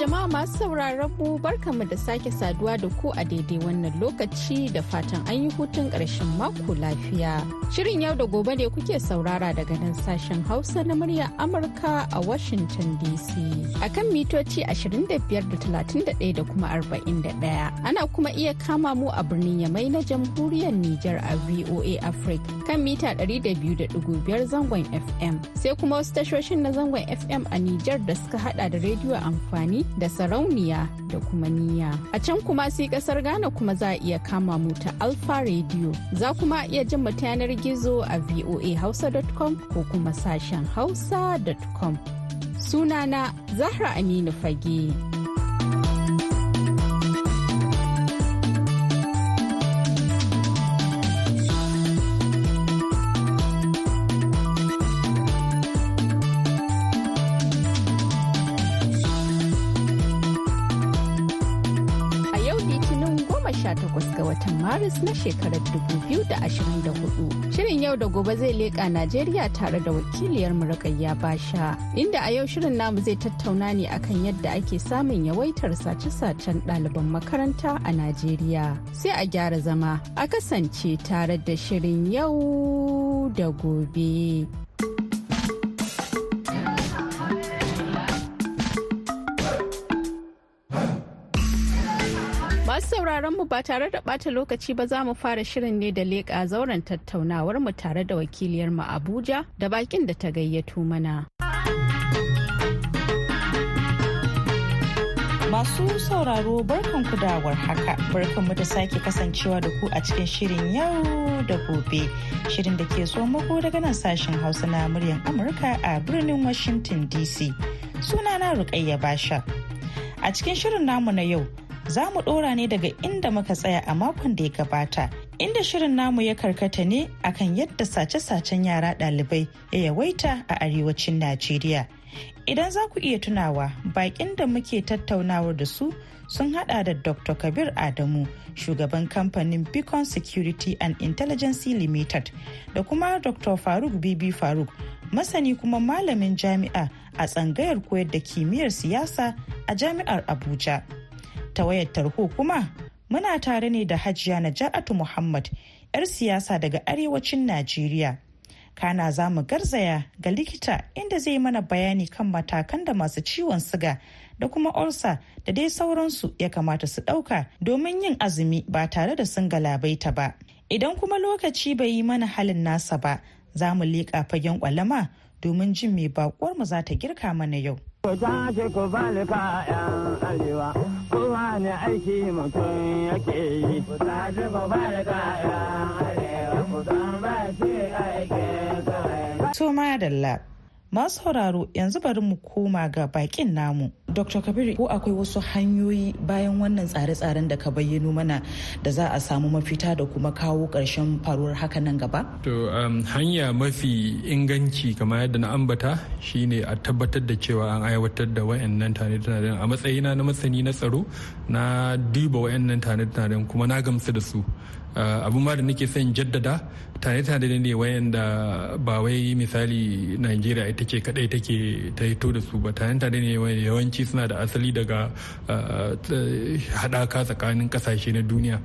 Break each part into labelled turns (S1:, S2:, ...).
S1: jama'a masu sauraron mu barkamu da sake saduwa da ku a daidai wannan lokaci da fatan an yi hutun karshen mako lafiya. Shirin yau da gobe ne kuke saurara daga nan sashen Hausa na muryar Amurka a Washington DC. A kan mitoci 25.31 da kuma 41. Ana kuma iya kama mu a birnin Yamai na jamhuriyar Nijar a VOA Africa kan mita 200.5 zangon FM. Sai kuma wasu tashoshin na zangon FM a Nijar da suka hada da rediyo amfani da sarauniya da kuma niyya A can kuma sai kasar Ghana kuma za a iya kama mu ta Alpha Radio. Za kuma iya jin mu yanar gizo a voahausa.com ko kuma sashen hausa.com. Sunana Zahra Aminu Fage. Maris na shekarar 2024. Shirin yau da gobe zai leƙa Najeriya tare da wakiliyar Murakayya Basha, inda a yau shirin namu zai tattauna ne akan yadda ake samun yawaitar sace-sacen ɗaliban makaranta a Najeriya. Sai a gyara zama, a kasance tare da shirin yau da gobe. Masu sauraron mu ba tare da bata lokaci ba za mu fara shirin ne da leƙa zauren tattaunawar mu tare da wakiliyar mu Abuja da bakin da ta gayyato mana.
S2: Masu sauraro barkan ku da warhaka barkan mu da sake kasancewa da ku a cikin shirin yau da gobe shirin da ke zo muku daga nan sashen hausa na muryan Amurka a birnin Washington DC. Sunana Rukayya Basha. A cikin shirin namu na yau za mu ɗora ne daga inda muka tsaya a makon da ya gabata inda shirin namu ya karkata ne akan yadda sace-sacen yara ɗalibai ya yawaita a arewacin najeriya idan za ku iya tunawa bakin da muke tattaunawar da su sun hada da dr kabir adamu shugaban kamfanin beacon security and intelligence limited da kuma dr faruk bibi faruk masani kuma malamin jami'a a tsangayar koyar da kimiyyar siyasa a jami'ar abuja ta wayar tarho kuma muna tare ne da hajiya naja'atu muhammad 'yar siyasa daga arewacin najeriya kana za mu garzaya ga likita inda zai mana bayani kan matakan da masu ciwon siga da kuma olsa da dai sauransu ya kamata su ɗauka domin yin azumi ba tare da sun galabaita ba idan kuma lokaci bai yi mana halin nasa ba za mu leƙa fagen ƙwalama domin jin mai bakuwar mu za ta girka mana yau.
S3: Ku tashi ku bani kayan arewa, kowa ne aiki mutum yake yi. Ku ku bani kayan arewa, san ba ce aiki
S2: kawai. Toma masu sauraro yanzu bari mu koma ga bakin namu dr kabir ko akwai wasu hanyoyi bayan wannan tsare-tsaren da ka bayyano mana da za a samu mafita da kuma kawo ƙarshen faruwar haka nan gaba to
S4: um, hanya mafi inganci kamar yadda na ambata shine a tabbatar da cewa an aiwatar da wayannan tanadin a matsayina na masani na tsaro na duba wayannan tanadin kuma na gamsu da su Eh, abun ma da nake son jaddada tare-tare ne wayanda ba wai misali nigeria ita ce kadai take ta hito da su ba tare-tare ne yawanci suna da asali daga eh, eh, haɗaka tsakanin ƙasashe na duniya.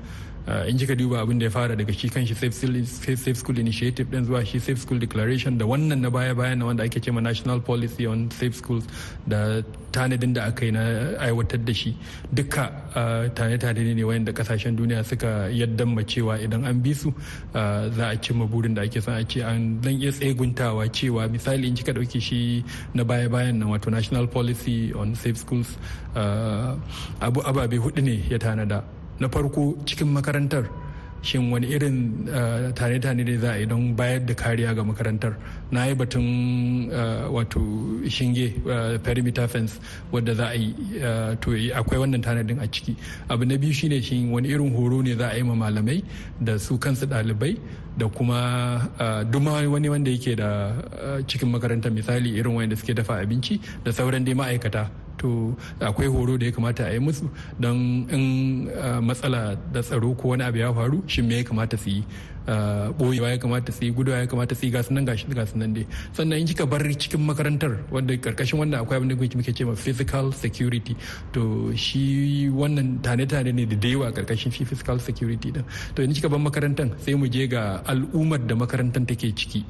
S4: Eh, in kika duba abin da ya fara daga shi kanshi safe school initiative din zuwa shi safe school declaration da wannan na baya bayan wanda ake cewa national policy on safe schools da tanadin da aka yi na aiwatar da shi duka eh, tane-tane ne wayanda kasashen duniya suka yadda cewa idan an bi su eh, za a cimma burin da ake son a ce an dan iya tseguntawa cewa misali in kika dauki shi na baya bayan nan wato national policy on safe schools ababe hudu ne ya tanada na farko cikin makarantar shin wani irin eh, tane-tane ne za a yi don bayar da kariya ga makarantar na yi batun eh, wato shinge eh, perimeter fence wadda za a yi to akwai wannan tanadin a ciki abu na biyu shine shin wani irin horo ne za a yi ma malamai da su kansu ɗalibai da kuma duma wani wanda yake da cikin makarantar misali irin wanda suke dafa abinci da sauran dai ma'aikata to akwai horo da ya kamata a yi musu don in uh, matsala da tsaro ko wani abu ya faru shi me ya kamata su yi boyewa uh, ya kamata su yi gudawa ya kamata su yi gasu nan gashi gasu nan dai sannan in kika bar cikin makarantar wanda karkashin wannan akwai abin da muke ce ma physical security to shi wannan tane-tane ne da yawa karkashin shi physical security din to in kika bar makarantar sai mu je ga al'ummar da makarantar take ciki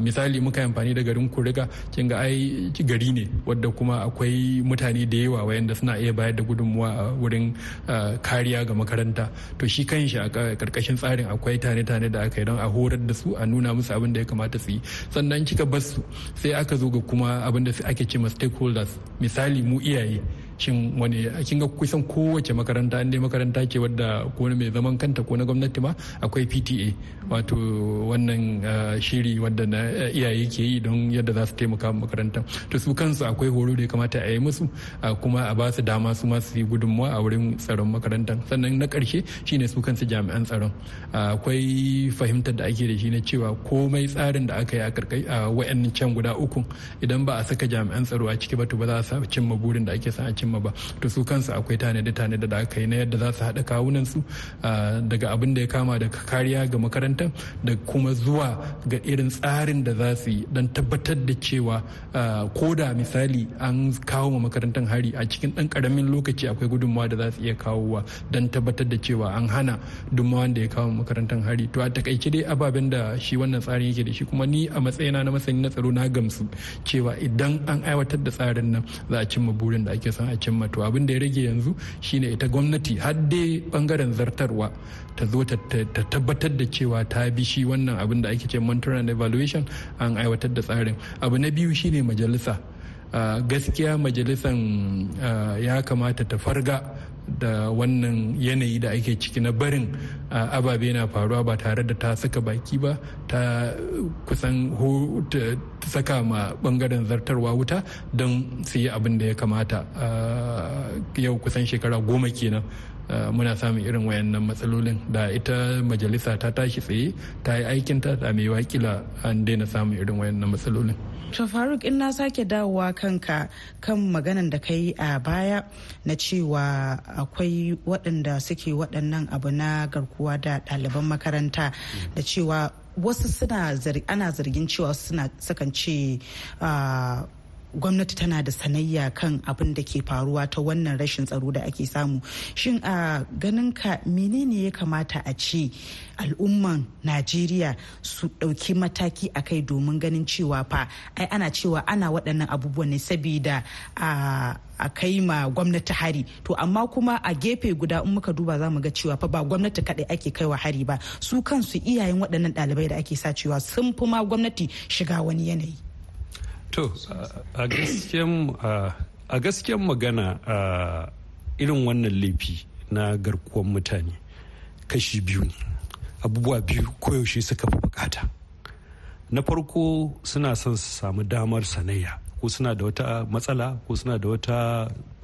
S4: misali muka yi amfani da garin kuriga kin ga ai gari ne wadda kuma akwai mutane da yawa wayanda suna iya bayar da gudunmuwa a wurin kariya ga makaranta to shi kanshi a karkashin tsarin akwai tane-tane da aka yi don a horar da su a nuna musu abin da ya kamata su yi sannan kika bar su sai aka zo ga kuma abin da ake ce ma stakeholders misali mu iyaye shin wani kin ga kusan kowace makaranta inda makaranta ke wadda ko na mai zaman kanta ko na gwamnati ma akwai PTA wato wannan shiri wadda na iyaye ke yi don yadda za su taimaka makarantar to su kansu akwai horo da ya kamata a yi musu kuma a ba su dama su ma yi gudunmawa a wurin tsaron makarantar sannan na ƙarshe shine su kansu jami'an tsaron akwai fahimtar da ake da shi na cewa komai tsarin da aka yi a karkai a wayannan can guda uku idan ba a saka jami'an tsaro a ciki ba to ba za a cimma burin da ake sa a cimma cimma ba to su kansu akwai tanade tane da aka yi na yadda za su haɗa kawunan su daga abin da ya kama da kariya ga makaranta da kuma zuwa ga irin tsarin da za su yi don tabbatar da cewa ko da misali an kawo ma makarantar hari a cikin ɗan ƙaramin lokaci akwai gudunmawa da za su iya kawowa don tabbatar da cewa an hana dumawan da ya kawo makarantar hari to a takaice dai ababen da shi wannan tsarin yake da shi kuma ni a matsayina na masani na tsaro na gamsu cewa idan an aiwatar da tsarin nan za a cimma burin da ake son a cimma to abin da ya rage yanzu shine ita gwamnati har dai bangaren zartarwa ta zo ta tabbatar da cewa ta bi shi wannan abin da ake ce monitoring and evaluation an aiwatar da tsarin abu na biyu shine majalisa ah, gaskiya majalisan ah, ya kamata ta farga da wannan yanayi da ake ciki na barin ababe na faruwa ba tare da ta saka baki ba ta kusan saka ma bangaren zartarwa wuta don su yi abin da ya kamata yau kusan shekara goma kenan Eh, muna samun irin wayannan matsalolin da ita majalisa ta tashi tsaye ta yi aikin ta da mai wakila an daina samun irin wayannan matsalolin
S2: to faruk in na sake dawowa kanka kan maganan da ka a baya na cewa akwai waɗanda suke waɗannan abu na garkuwa da ɗaliban makaranta da cewa wasu suna ana zargin cewa suna sakance ah, gwamnati tana da sanayya kan abin da ke faruwa ta wannan rashin tsaro da ake samu shin a ganinka menene ya kamata a ce al'umman najeriya su ɗauki mataki a kai domin ganin cewa fa ai ana cewa ana waɗannan abubuwan ne saboda a kai ma gwamnati hari to amma kuma a gefe guda in muka duba za mu ga cewa fa ba gwamnati kaɗai ake kaiwa hari ba su kansu iyayen waɗannan ɗalibai da ake cewa sun fi ma gwamnati shiga wani yanayi
S5: To, a gaskiyan magana a irin wannan laifi na garkuwan mutane kashi biyu ne. Abubuwa biyu koyaushe suka fi bukata. Na farko suna son su samu damar sanayya ko suna da wata matsala ko suna da wata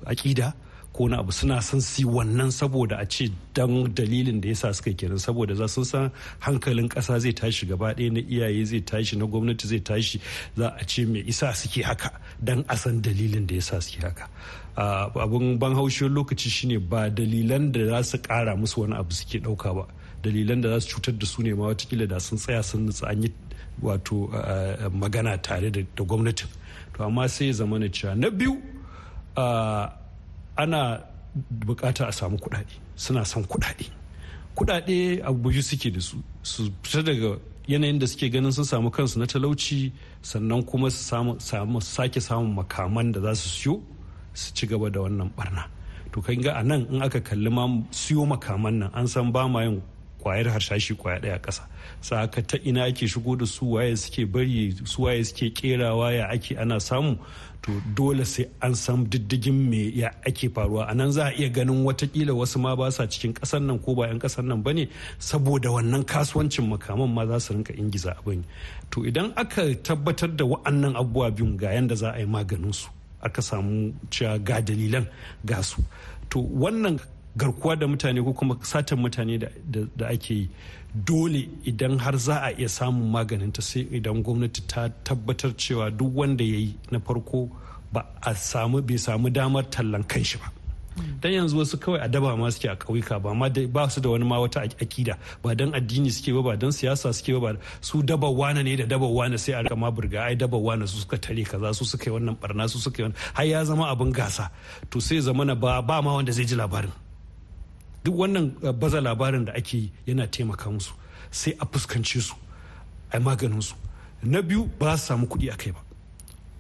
S5: aƙida ko na abu suna son si wannan saboda a ce dan dalilin da yasa suka kenan saboda za sun san hankalin kasa zai tashi gaba ɗaya na iyaye zai tashi na gwamnati zai tashi za a ce mai isa suke haka dan a san dalilin da yasa suke haka abun ban haushin lokaci shine ba dalilan da za su kara musu wani abu suke ɗauka ba dalilan da za su cutar da su ne ma watakila da sun tsaya sun nutsu an yi wato magana tare da gwamnatin to amma sai ya zama na cewa na biyu ana bukata a samu kuɗaɗe suna son kuɗaɗe kuɗaɗe a suke da su su fita daga yanayin da suke ganin sun samu kansu na talauci sannan kuma su sake samun makaman da za su siyo su ci gaba da wannan barna to kan ga a in aka kalli ma siyo makaman nan an san ba ma yin kwayar harshashi kwaya ɗaya ƙasa saka ta ina ake shigo da su waye suke bari su waye suke kerawa ya ake ana samu to dole sai an san diddigin me ya ake faruwa a nan za a iya ganin watakila wasu ma ba sa cikin kasar nan ko ba 'yan kasan nan bane saboda wannan kasuwancin makaman ma za su rinka ingiza abin to idan aka tabbatar da wa'annan abubuwa biyun ga yanda za a yi maganin su aka samu cewa ga dalilan ga su to wannan garkuwa da mutane ko kuma satan mutane da ake yi dole idan har za a iya samun maganin ta sai idan gwamnati ta tabbatar cewa duk wanda ya yi na farko ba a samu bai samu damar tallan kanshi ba dan yanzu wasu kawai a daba ma suke a kauyuka ba ma ba su da wani ma wata akida ba dan addini suke ba dan siyasa suke ba su daba wana ne da daba wana sai a rika ma burga ai daba wana su suka tare kaza su suka yi wannan barna su suka yi wannan har ya zama abin gasa to sai zamana ba ba ma wanda zai ji labarin duk wannan eh, baza labarin da ake yi yana taimaka musu sai a fuskance su a maganin su na biyu ba su samu kuɗi a kai ba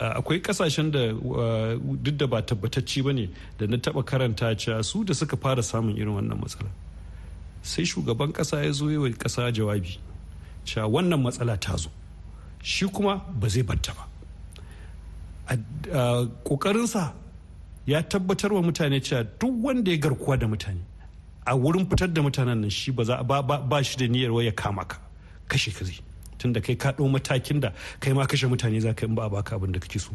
S5: eh, akwai kasashen da eh, duk da ba tabbatacci ba ne da na taba karanta cewa su da suka fara samun irin wannan matsala sai shugaban kasa ya zo yawai ƙasa jawabi cewa wannan matsala ta zo shi kuma ba zai batta ba a ƙoƙarinsa ya tabbatar wa mutane cewa duk wanda ya garkuwa da mutane a wurin fitar da mutanen nan shi ba ba shi da niyyar ya kama ka kashe ka zai tunda kai ka ɗau matakin da kai ma kashe mutane za ka yi ba a baka abin da kake so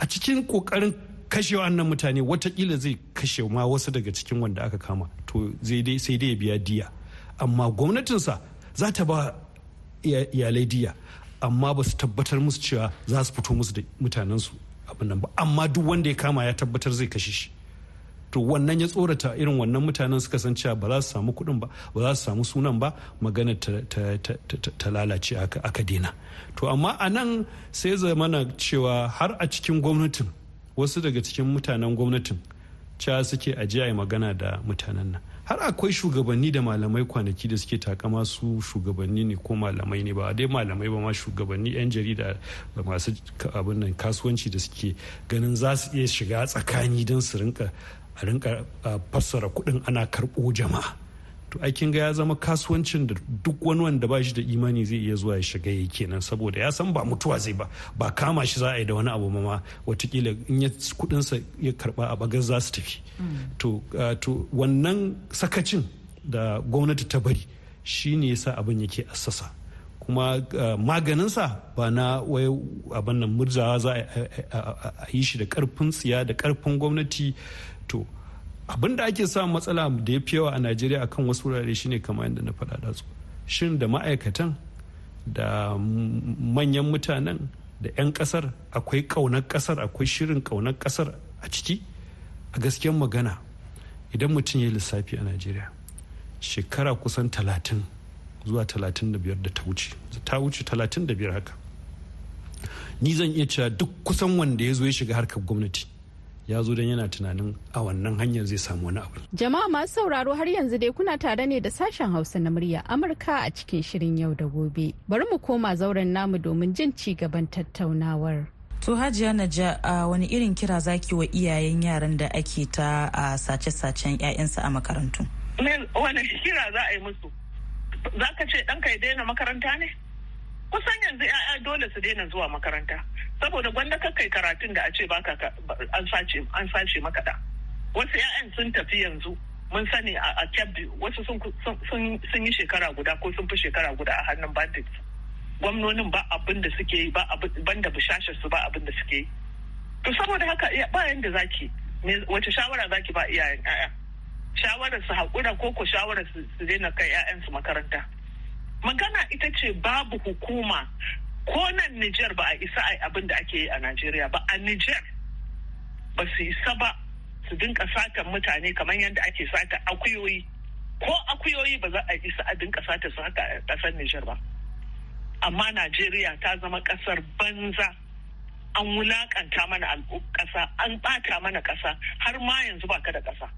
S5: a cikin kokarin kashe wannan mutane watakila zai kashe ma wasu daga cikin wanda aka kama to sai dai ya biya diya amma gwamnatinsa za ta ba iyalai diya amma ba su tabbatar musu cewa za su fito musu da mutanensu abin nan ba amma duk wanda ya kama ya tabbatar zai kashe shi to wannan ya tsorata irin wannan mutanen suka san cewa ba za su samu kuɗin ba ba za su samu sunan ba magana ta lalace aka dena to amma a nan sai zamana cewa har a cikin gwamnatin wasu daga cikin mutanen gwamnatin cewa suke ajiya magana da mutanen nan har akwai shugabanni da malamai kwanaki da suke takama su shugabanni ne ko malamai ne ba dai malamai ba ma shugabanni 'yan jarida da masu abin nan kasuwanci da suke ganin za su iya shiga tsakani don su rinka a rinka fassara kuɗin ana karɓo jama'a to aikin ga ya zama kasuwancin da duk wani wanda ba shi da imani zai iya zuwa ya shiga ya kenan saboda ya san ba mutuwa zai ba ba kama shi za a yi da wani abu ma ma. watakila in ya kuɗinsa ya karba a bagar za su tafi to wannan sakacin da gwamnati ta bari shi ne yasa abin yake assasa kuma eh, maganinsa ba na wai abin nan murzawa za a yi shi da karfin tsiya da karfin gwamnati to abin da ake samun matsala da ya fi yawa a najeriya akan wasu wurare shine kamar yadda na faɗa da su shin da ma'aikatan da manyan mutanen da 'yan kasar akwai ƙaunar kasar akwai shirin ƙaunar kasar a ciki a gaskiyar magana idan mutum ya yi lissafi a najeriya shekara kusan talatin zuwa 35 da ta wuce ta wuce 35 haka ni zan iya cewa duk kusan wanda ya zo ya shiga harkar gwamnati ya zo don yana tunanin a wannan hanyar zai samu wani abu.
S1: Jama'a masu sauraro har yanzu dai kuna tare ne da sashen Hausa na murya Amurka a cikin shirin yau da gobe. Bari mu koma zauren namu domin jin ci gaban tattaunawar.
S2: To Hajiya Naja a wani irin kira zaki wa iyayen yaran da ake ta a sace-sacen 'ya'yansa a makarantu?
S6: Wani kira za a yi musu? za ka ce ɗanka ya daina makaranta ne kusan yanzu 'ya'ya dole su daina zuwa makaranta saboda gwanda ka kai karatun da a ce an sace maka da wasu 'ya'yan sun tafi yanzu mun sani a kebbi wasu sun yi shekara guda ko sun fi shekara guda a hannun bandit gwamnonin ba abin da suke yi ba abin da bishashar su ba abin da suke yi to saboda haka ba yanda zaki wace shawara zaki ba iyayen 'ya'ya shawarar su haƙura ko ko shawarar su daina kai 'ya'yansu makaranta magana ita ce babu hukuma ko nan Nijar ba a isa a abin da ake yi a Najeriya ba a Nijar ba su isa ba su dinka satan mutane kamar yadda ake sata akuyoyi ko akuyoyi ba za a isa a dinka sata su haka a ƙasar Nijar ba amma Najeriya ta zama ƙasar banza an wulaƙanta mana ƙasa an ɓata mana ƙasa har ma yanzu ba ka da ƙasa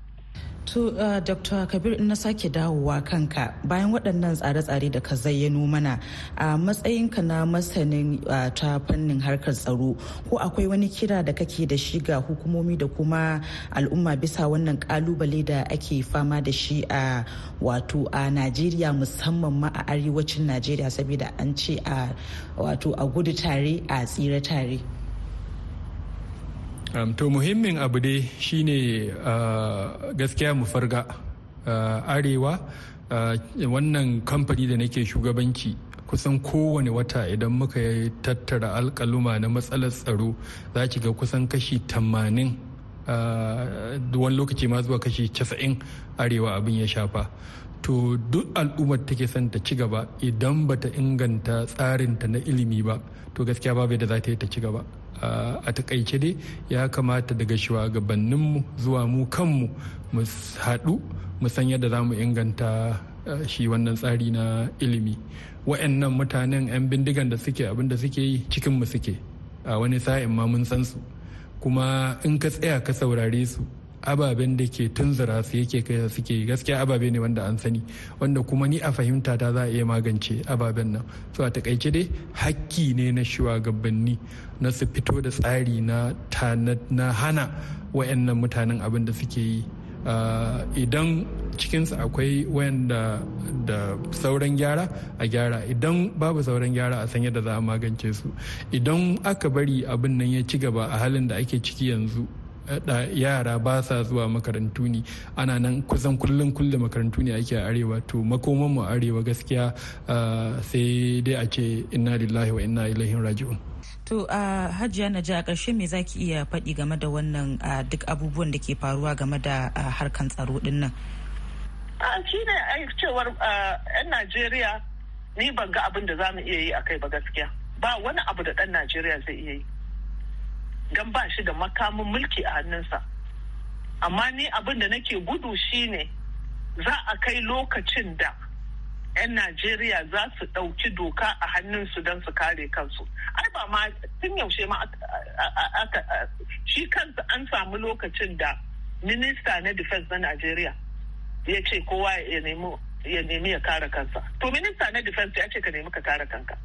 S2: To, uh, Dr. Kabir, na sake dawowa kanka bayan waɗannan tsare-tsare da ka zayyano mana a uh, matsayinka na masanin uh, ta fannin harkar tsaro ko akwai wani kira da kake da shi ga hukumomi da kuma al'umma bisa wannan kalubale da ake fama da shi a wato a Najeriya musamman ma a arewacin Najeriya saboda an ce a wato a gudu tare a tsira tare.
S4: to muhimmin abu dai shine uh, gaskiya mu farga uh, arewa uh, wannan kamfani da nake shugabanci kusan kowane wata idan muka tattara alkaluma na matsalar tsaro za ga kusan kashi 80 wani lokaci ma zuwa kashi 90 arewa abin ya shafa. to duk al'ummar take son ta ci gaba idan ba ta inganta tsarinta na ilimi ba to gaskiya babu da za ta yi ta ci gaba a takaice dai ya kamata daga shugabanninmu zuwa mu kanmu mu haɗu mu san yadda za mu inganta shi wannan tsari na ilimi wa'annan mutanen 'yan bindigan da suke abin da suke yi cikinmu suke a wani sa'in ma mun san su kuma in ka tsaya ka saurare su ababen da ke zira su yake kai suke gaskiya ababe ne wanda an sani wanda kuma ni a fahimta ta za a iya magance ababen nan so a takaice dai hakki ne na shugabanni na su fito da tsari na na hana wayannan mutanen abin da suke yi ah, idan cikinsu akwai wayanda da sauran gyara a gyara idan babu sauran gyara a san da za a magance su idan aka bari abin nan ya ci gaba a halin da ake ciki yanzu yara ba sa zuwa makarantu ne ana nan kusan kullum kullum makarantu ne ake a arewa to makoman mu arewa gaskiya ah, sai dai a ce inna lillahi wa inna ilaihi raji'un
S2: to a ah, hajiya ji a ƙarshe me zaki iya faɗi game da wannan ah, duk abubuwan da ke faruwa game da harkan tsaro din nan
S6: shi ne cewar 'yan najeriya ni ban ga abin da za mu iya yi a kai ba gaskiya ba wani abu da ɗan najeriya zai iya yi don ba shi da makamin mulki a hannunsa amma ni abin da nake gudu shine za a kai lokacin da 'yan najeriya za su ɗauki doka a hannunsu don su kare kansu ai ba ma tun yaushe ma shi kansa an samu lokacin da minista na defense na najeriya ya ce kowa ya nemi ya kare kansa to minista na defense ya ce ka nemi ka kare kanka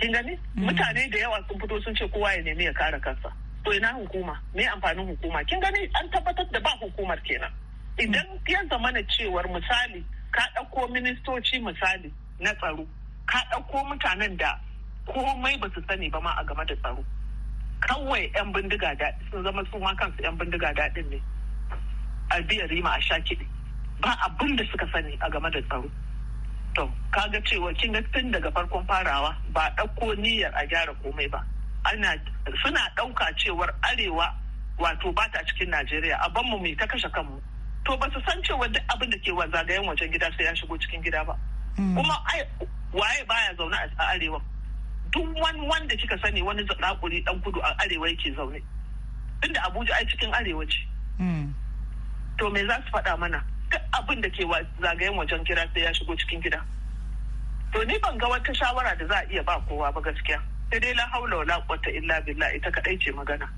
S6: kin gani mm. mutane da yawa sun fito sun ce kowa ya nemi ya kare kansa to ina hukuma me amfanin hukuma kin gani an tabbatar da ba hukumar kenan idan mm. ya zamana cewar misali ka ɗauko ministoci misali na tsaro ka ɗauko mutanen da komai ba su sani ba ma a game da tsaro kawai 'yan bindiga daɗi sun zama su ma kansu 'yan bindiga daɗin ne a biyar rima a sha kiɗi ba abin da suka sani a game da tsaro ka kaga cewa kin ga daga farkon farawa ba ɗauko niyyar a gyara komai ba ana suna ɗauka cewar arewa wato ba ta cikin najeriya a banmu mai ta kashe kanmu to ba su san cewa duk abin da ke wa zagayen wajen gida sai ya shigo cikin gida ba mm. kuma waye baya zaune a arewa duk wani wanda kika sani wani zakakuri dan kudu a arewa yake zaune inda abuja ai cikin arewa ce mm. to me za su faɗa mana duk abin da ke zagayen wajen kira sai ya shigo cikin gida to ni ban ga wata shawara da za a iya ba kowa ba gaskiya sai dai la haula wala quwwata illa billah ita kadai ce magana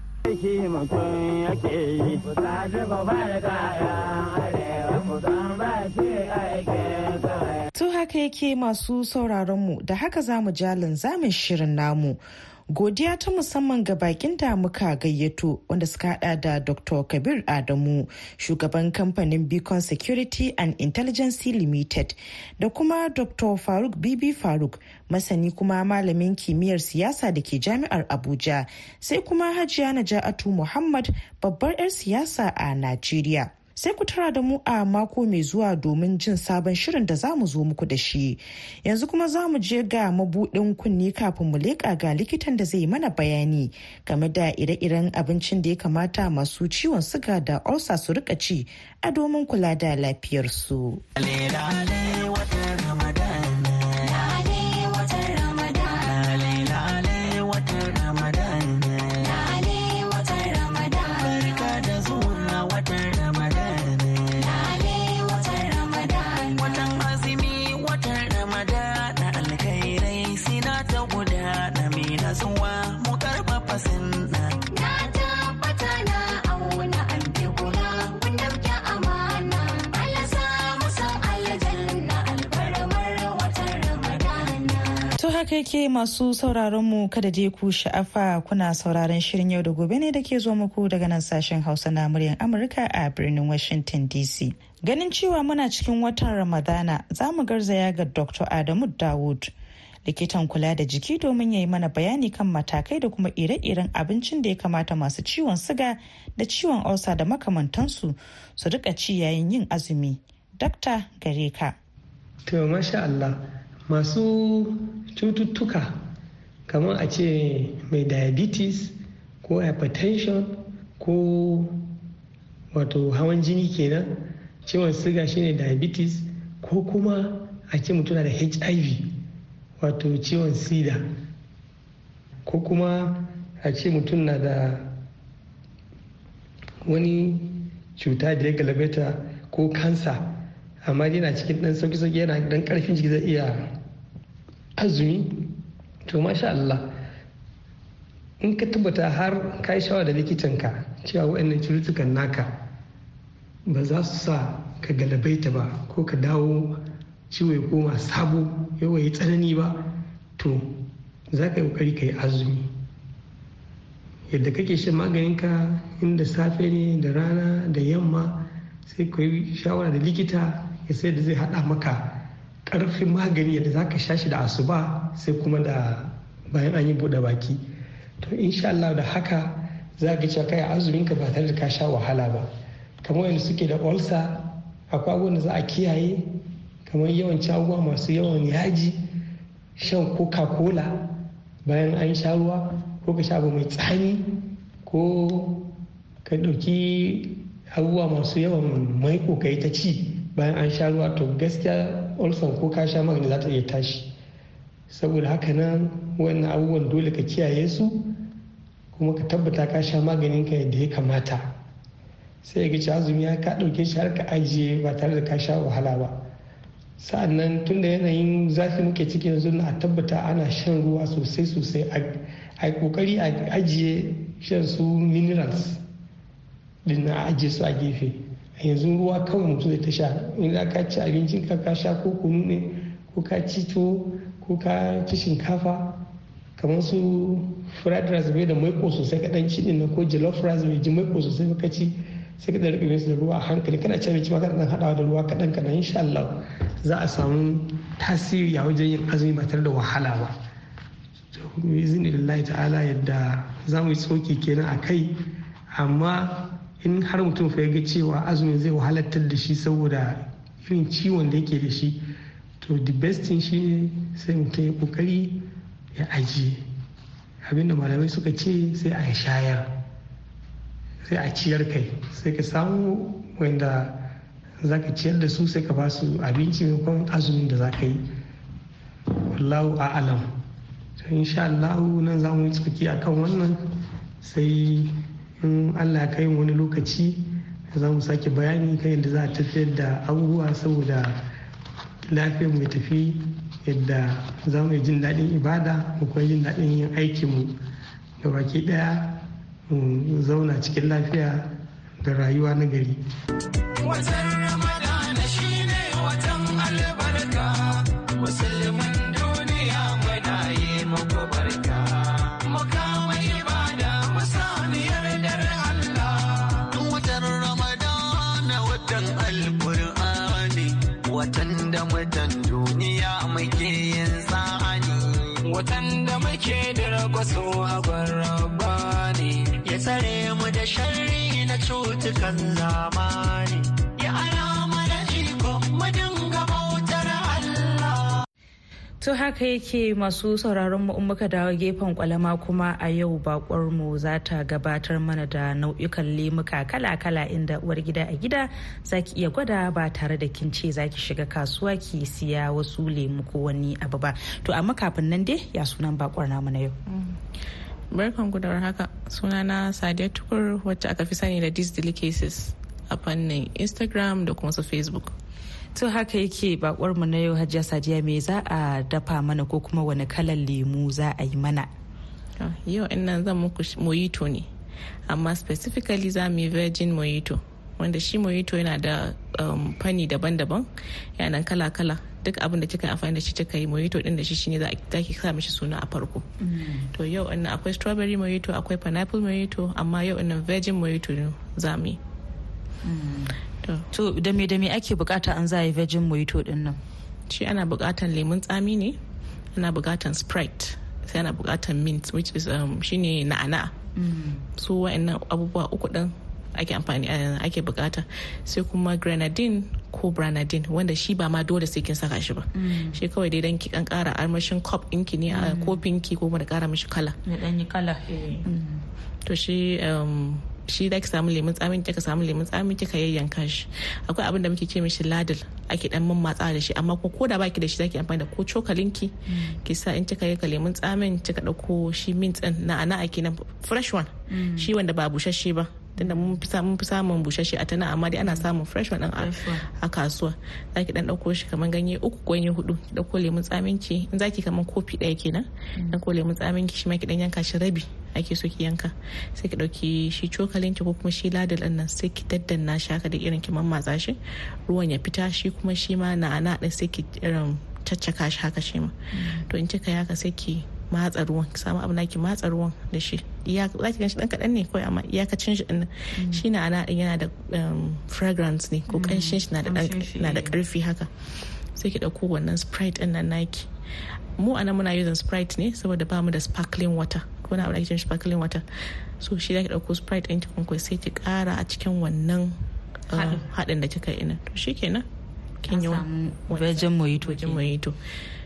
S2: To haka yake masu sauraron mu da haka zamu mu jalin zamin shirin namu. Godiya ta musamman ga bakin da muka gayyato wanda suka hada da Dr. Kabir Adamu, shugaban kamfanin Beacon Security and Intelligence Limited, da kuma Dr. Faruk Bibi Faruk, masani kuma malamin kimiyyar siyasa da ke jami'ar Abuja, sai kuma Hajiya Naja'atu Muhammad, babbar 'yar siyasa a Najeriya. sai ku tara da mu a mako mai zuwa domin jin sabon shirin da za mu zo muku da shi yanzu kuma za mu je ga mabuɗin kunni kafin mu leƙa ga likitan da zai mana bayani game da ire-iren abincin da ya kamata masu ciwon suga da ulcer su rika ci a domin kula da lafiyarsu. yake masu sauraron mu kada je ku sha'afa kuna sauraron shirin yau da gobe ne da ke zo muku daga nan sashen hausa na muryar amurka a birnin washington dc ganin cewa muna cikin watan ramadana za mu garzaya ga dr adamu dawud likitan kula da jiki domin ya yi mana bayani kan matakai da kuma ire-iren abincin da ya kamata masu ciwon siga da ciwon ausa da makamantansu su rika ci yayin yin azumi dr
S3: gare ka to masha allah masu cututtuka kamar a ce mai diabetes ko hypertension ko wato hawan jini kenan ciwon siga shine diabetes ko kuma a ce mutum da hiv wato ciwon sida ko kuma a ce mutum na da wani cuta da ya galabaita ko kansa amma yana cikin dan sauki-sauki yana dan karfin jiki zai iya azumi to masha Allah in ka tabbata har ka yi shawara da likitanka cewa waɗannan cututtukan naka ba za su sa ka galabaita ba ko ka dawo ciwo ya koma sabo yawa ya tsanani ba to za ka yi kokari ka yi azumi yadda kake shan maganinka inda safe ne da rana da yamma sai ka yi shawara da likita ya sai da zai haɗa maka karfin magani yadda za ka sha shi da asuba sai kuma da bayan an yi buɗe baki to insha Allah da haka za ka cewa kai azumin ka ba tare da ka sha wahala ba kamar yadda suke da olsa akwai abubuwan da za a kiyaye kamar yawan abubuwa masu yawan yaji shan coca cola bayan an sha ruwa ko ka sha abu mai tsani ko ka ɗauki abubuwa masu yawan maiko ka yi ta ci bayan an sha ruwa to gaskiya olson ko ka sha magani za ta iya tashi saboda haka nan wannan abubuwan dole ka kiyaye su kuma ka tabbata ka sha maganin ka yadda ya kamata sai ga azumi ya ka ɗauke shi har ka ajiye ba tare da ka sha wahala ba sa'an nan da yanayin zafi muke ciki yanzu na tabbata ana shan ruwa sosai sosai a kokari a ajiye shan su minerals din na ajiye su a gefe yanzu ruwa kawai mutum zai ta sha in za ka ci abincin ka ka sha ko kunu ne ko ka ci tuwo ko ka ci shinkafa kamar su fried rice bai da maiko sosai kaɗan ci ɗin ko jollof rice bai ji maiko sosai ka ci sai ka da rike da ruwa a hankali kana ci abinci ma kana haɗawa da ruwa kaɗan kaɗan insha Allah za a samu tasiri a wajen yin azumi ba tare da wahala ba izinin lillahi ta'ala yadda za mu yi tsoki kenan a kai amma in har mutum fa ga cewa azumin zai wahalattar da shi saboda irin ciwon da yake da shi to the best thing ne sai mutum ya kokari ya ajiye abinda malamai suka ce sai a shayar sai a ciyar kai sai ka samu wanda za ka ciyar da su sai ka ba su abinci maimakon azumin da za ka yi wallahu a'alam to insha Allah nan za mu yi tsoki akan wannan sai in allah kai wani lokaci za mu sake bayani kan yadda za a tafiyar da abubuwa saboda lafiyar mai tafi yadda za mu jin daɗin ibada mu kuma jin daɗin yin aikinmu da baki ɗaya mu zauna cikin lafiya da rayuwa na gari.
S4: Watan Ramadana shine
S7: watan albarka.
S4: kwaso agon ne ya tsare mu da shari na cutukan zamani
S2: To haka yake masu sauraron mu muka dawo gefen kwalama kuma a yau bakwar mu za ta gabatar mana da nau'ikan lemuka kala-kala inda uwar gida a gida za ki iya gwada ba tare da kin ce za ki shiga kasuwa ki siya wasu lemu ko wani abu ba. To amma kafin nan dai ya sunan
S7: bakwar namu na yau. Mm. Barkan gudawar haka sunana Sadiya Tukur wacce aka fi sani da These Delicacies a fannin Instagram da kuma su Facebook. to
S2: haka yake bakwar mu na yau hajjia sadiya me za a dafa mana ko kuma wani kalan lemu
S7: za a yi mana ah, yau in nan zan muku moyito ne amma specifically za mu yi virgin mojito wanda shi mojito yana da um, fanni daban-daban yana kala-kala duk abin da kika amfani da shi kika yi mojito din da shi shine za ki sa mishi suna a farko mm. to yau in akwai strawberry moyito akwai pineapple mojito amma yau in virgin mojito ne za mu yi mm. Mm. to da me da me ake bukata an za yi virgin mojito din nan shi ana bukatan lemun tsami ne ana bukatan sprite sai ana bukatan mint which is um, shine na'ana mm. so wa'annan abubuwa uku din ake amfani eh, ake bukata sai kuma grenadine ko branadine wanda shi ba ma dole sai kin saka shi ba mm. shi kawai dai dan ki kan kara armashin cup ɗinki ne a kofin ki ko da kara mishi kala ne dan kala eh. mm. to shi um, shi da ki samu lemun ki ka samu lemun tsamin kika yayyanka shi akwai abin da muke ce mishi ladil ake dan matsa da shi amma ko da baki da shi zaki amfani ko cokalinki mm. ki sa in kika yanka lemun tsamin kika dauko shi mint din na ana ake na fresh one mm. shi wanda ba busasshe ba tunda mun fi samun bushashe a tana amma dai ana samun fresh one a kasuwa za ki dan ɗauko shi kaman ganye uku ganye hudu ki ɗauko lemun tsamin in zaki kaman kofi ɗaya kenan ɗauko lemun tsamin ki shi ma ki dan yanka shi rabi ake so ki yanka sai ki dauki shi cokalin ki ko kuma shi ladal ɗin nan sai ki daddanna shi haka da irin ki mammatsa shi ruwan ya fita shi kuma shi ma ana ɗin sai ki irin caccaka shi haka shi ma to in kika yaka sai ki matsa ruwan ki samu abu na ki matsa ruwan da shi iya za ganshi dan kadan ne kawai amma iyakacin shi din mm. shi na ana yana da um, fragrance ne ko kanshin mm. shi na da karfi haka sai ki dauko wannan sprite din nan naki mu anan muna using sprite ne saboda ba mu da sparkling water ko na abu sparkling water so shi zaki dauko sprite din ki kun sai ki kara a cikin wannan uh, haɗin da kika yi ina to shikenan kin yi wajen mojito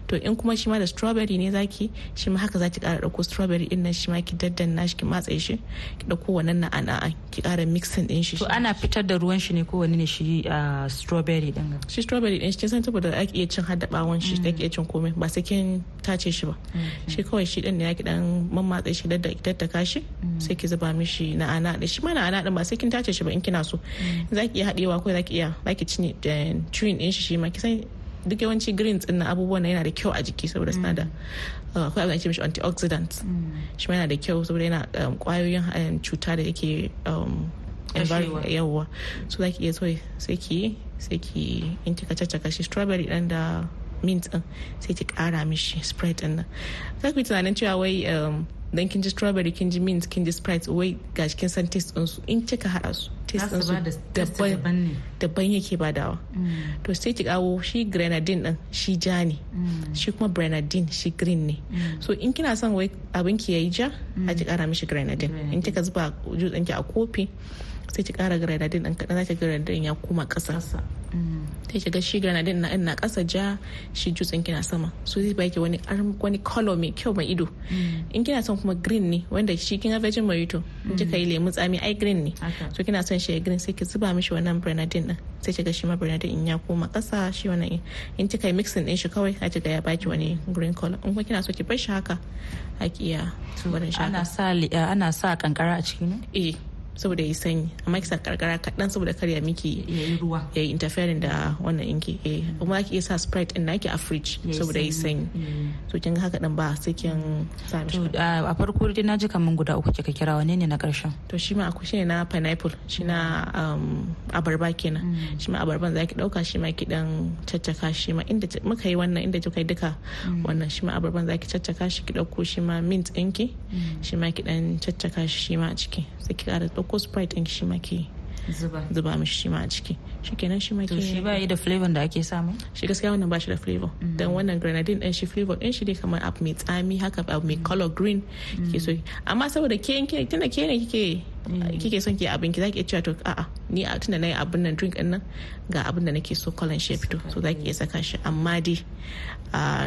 S7: to in kuma shi ma da strawberry ne zaki shi ma haka zaki kara dauko strawberry din nan shi ma ki daddanna shi ki matse shi ki dauko wannan na ana ki kara mixing din shi to ana fitar da ruwan shi ne ko wani ne shi strawberry din shi strawberry din shi kin san saboda ake iya cin hada bawon shi da ake iya cin komai ba sai kin tace shi ba mm, mm. shi kawai shi din ne yaki dan mammatse shi da ki tattaka shi mm. sai ki zuba mishi na ana da shi ma na ana din ba sai kin tace shi ba in kina so zaki iya hadewa ko zaki iya zaki cinye eh, chewing din shi shi ma san duk yawanci greens din na abubuwan yana da kyau a jiki saboda suna da mm. uh, akwai abin ake mishi antioxidants mm. shi yana da kyau saboda yana kwayoyin um, uh, cuta da yake yawwa um, so za ki iya so sai ki sai ki in kika caccaka shi strawberry dan da mint din sai ki kara mishi spread din nan za ku yi tunanin cewa wai um, dan kin ji strawberry kin ji mint kin ji sprite wai ga kin san taste din su in kika hada su taste din su daban daban yake badawa mm. to sai ki kawo shi grenadine din shi ja ne mm. shi kuma grenadine shi green ne mm. so in kina son wai abin ki yayi ja a ki kara mishi grenadine in kika zuba juice ki a kofi sai ki kara grenadine din kadan zaki grenadine ya koma ƙasa ta shiga shi granadin na na kasa ja shi jutsin kina sama so zai baki wani wani color mai kyau mai ido mm. in kina son kuma green ne wanda shi kin virgin mojito in kika kai mm. lemu tsami ai green ne so kina son shi green sai ki zuba mishi wannan granadin din sai kiga shi ma granadin in ya koma kasa shi wannan in kika mixing din shi kawai a kiga ya baki wani green color in kuma kina so ki bar shi haka a eh, ana sa kankara a ciki ne eh saboda ya sanyi amma kisa karkara kaɗan saboda karya miki ya yi interfering da wannan inki eh kuma ki sa sprite din naki a fridge saboda ya sanyi mm. to kin haka dan ba sai kin sa mishi a farko dai naji kaman guda uku kika kira wane ne na karshen to shi ma akwai shi na pineapple shi na um, abarba kenan mm. shi ma abarban zaki dauka shi ma ki dan caccaka shi ma inda muka yi wannan inda kika yi duka mm. wannan shi ma abarban zaki caccaka shi ki dauko shi ma mint ɗinki shi ma ki dan caccaka shi ma a ciki sai ki kara ko sprite ɗin shi ma ke zuba mishi shi ma a ciki shi kenan shi ma ke shi ba yi da flavor da ake samu shi gaskiya wannan ba shi da flavor mm-hmm. dan wannan grenadine ɗin shi flavor ɗin shi dai kamar abu mai tsami haka abu mai color green mm-hmm. ke so amma saboda ke yanke tunda ke ne kike mm-hmm. kike son ke abin ki zaki iya cewa to a'a ni a tunda nayi abin nan drink din nan ga abin da nake so color shi fito so zaki iya saka shi amma dai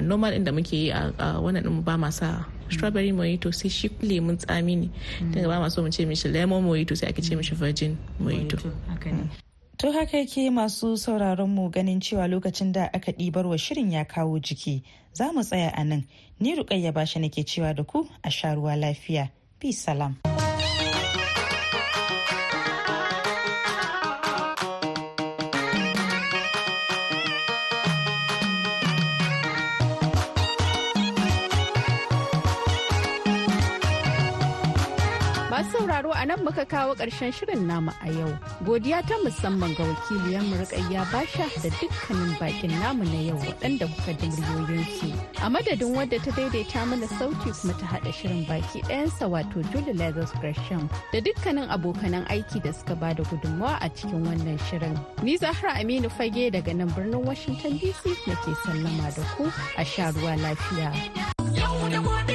S7: normal din da muke yi a wannan din ba ma sa Oh, strawberry mojito sai shi lemun tsami ne mm. tun gaba masu mu ce mishi lemon mojito sai ake ce mishi mm. virgin mojito mm.
S2: To haka yake masu sauraron mu ganin cewa lokacin da aka ɗibar wa shirin ya kawo jiki za mu tsaya a nan ni rukayya bashi nake cewa da ku a sha ruwa lafiya bi salam.
S1: muka kawo ƙarshen shirin namu a yau. Godiya ta musamman ga wakiliyar Murƙayya Basha da dukkanin bakin namu na yau waɗanda kuka ji muryoyinsu. A madadin wadda ta daidaita mana sauti kuma ta haɗa shirin baki ɗayansa wato Julie Lazarus Gresham da dukkanin abokanan aiki da suka ba da gudunmawa a cikin wannan shirin. Ni Zahra Aminu Fage daga nan birnin Washington DC nake sallama da ku a sha ruwa lafiya.